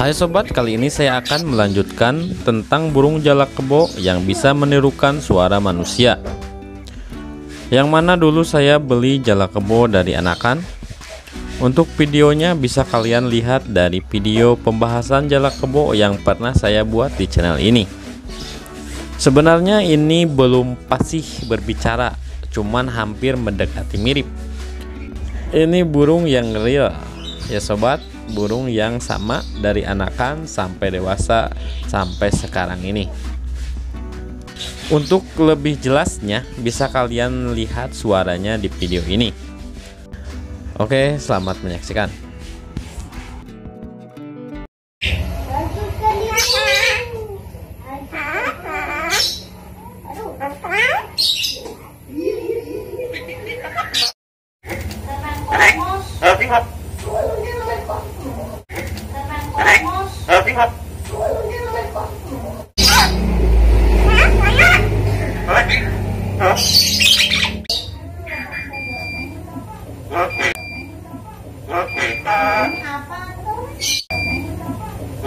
Hai sobat, kali ini saya akan melanjutkan tentang burung jalak kebo yang bisa menirukan suara manusia. Yang mana dulu saya beli jalak kebo dari anakan. Untuk videonya bisa kalian lihat dari video pembahasan jalak kebo yang pernah saya buat di channel ini. Sebenarnya ini belum pasih berbicara, cuman hampir mendekati mirip. Ini burung yang real. Ya sobat, burung yang sama dari anakan sampai dewasa sampai sekarang ini. Untuk lebih jelasnya bisa kalian lihat suaranya di video ini. Oke, selamat menyaksikan.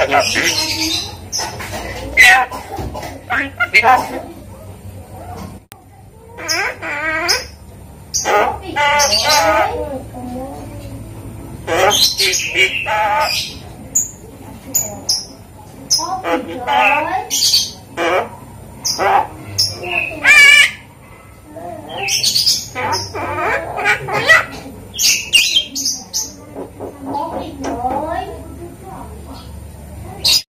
da cabeça. Oh,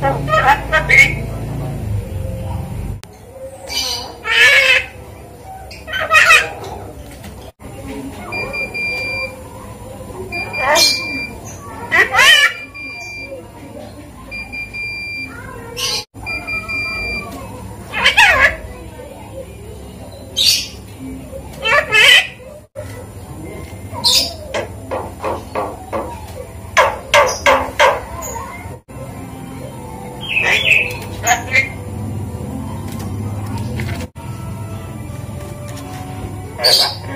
no! Gracias.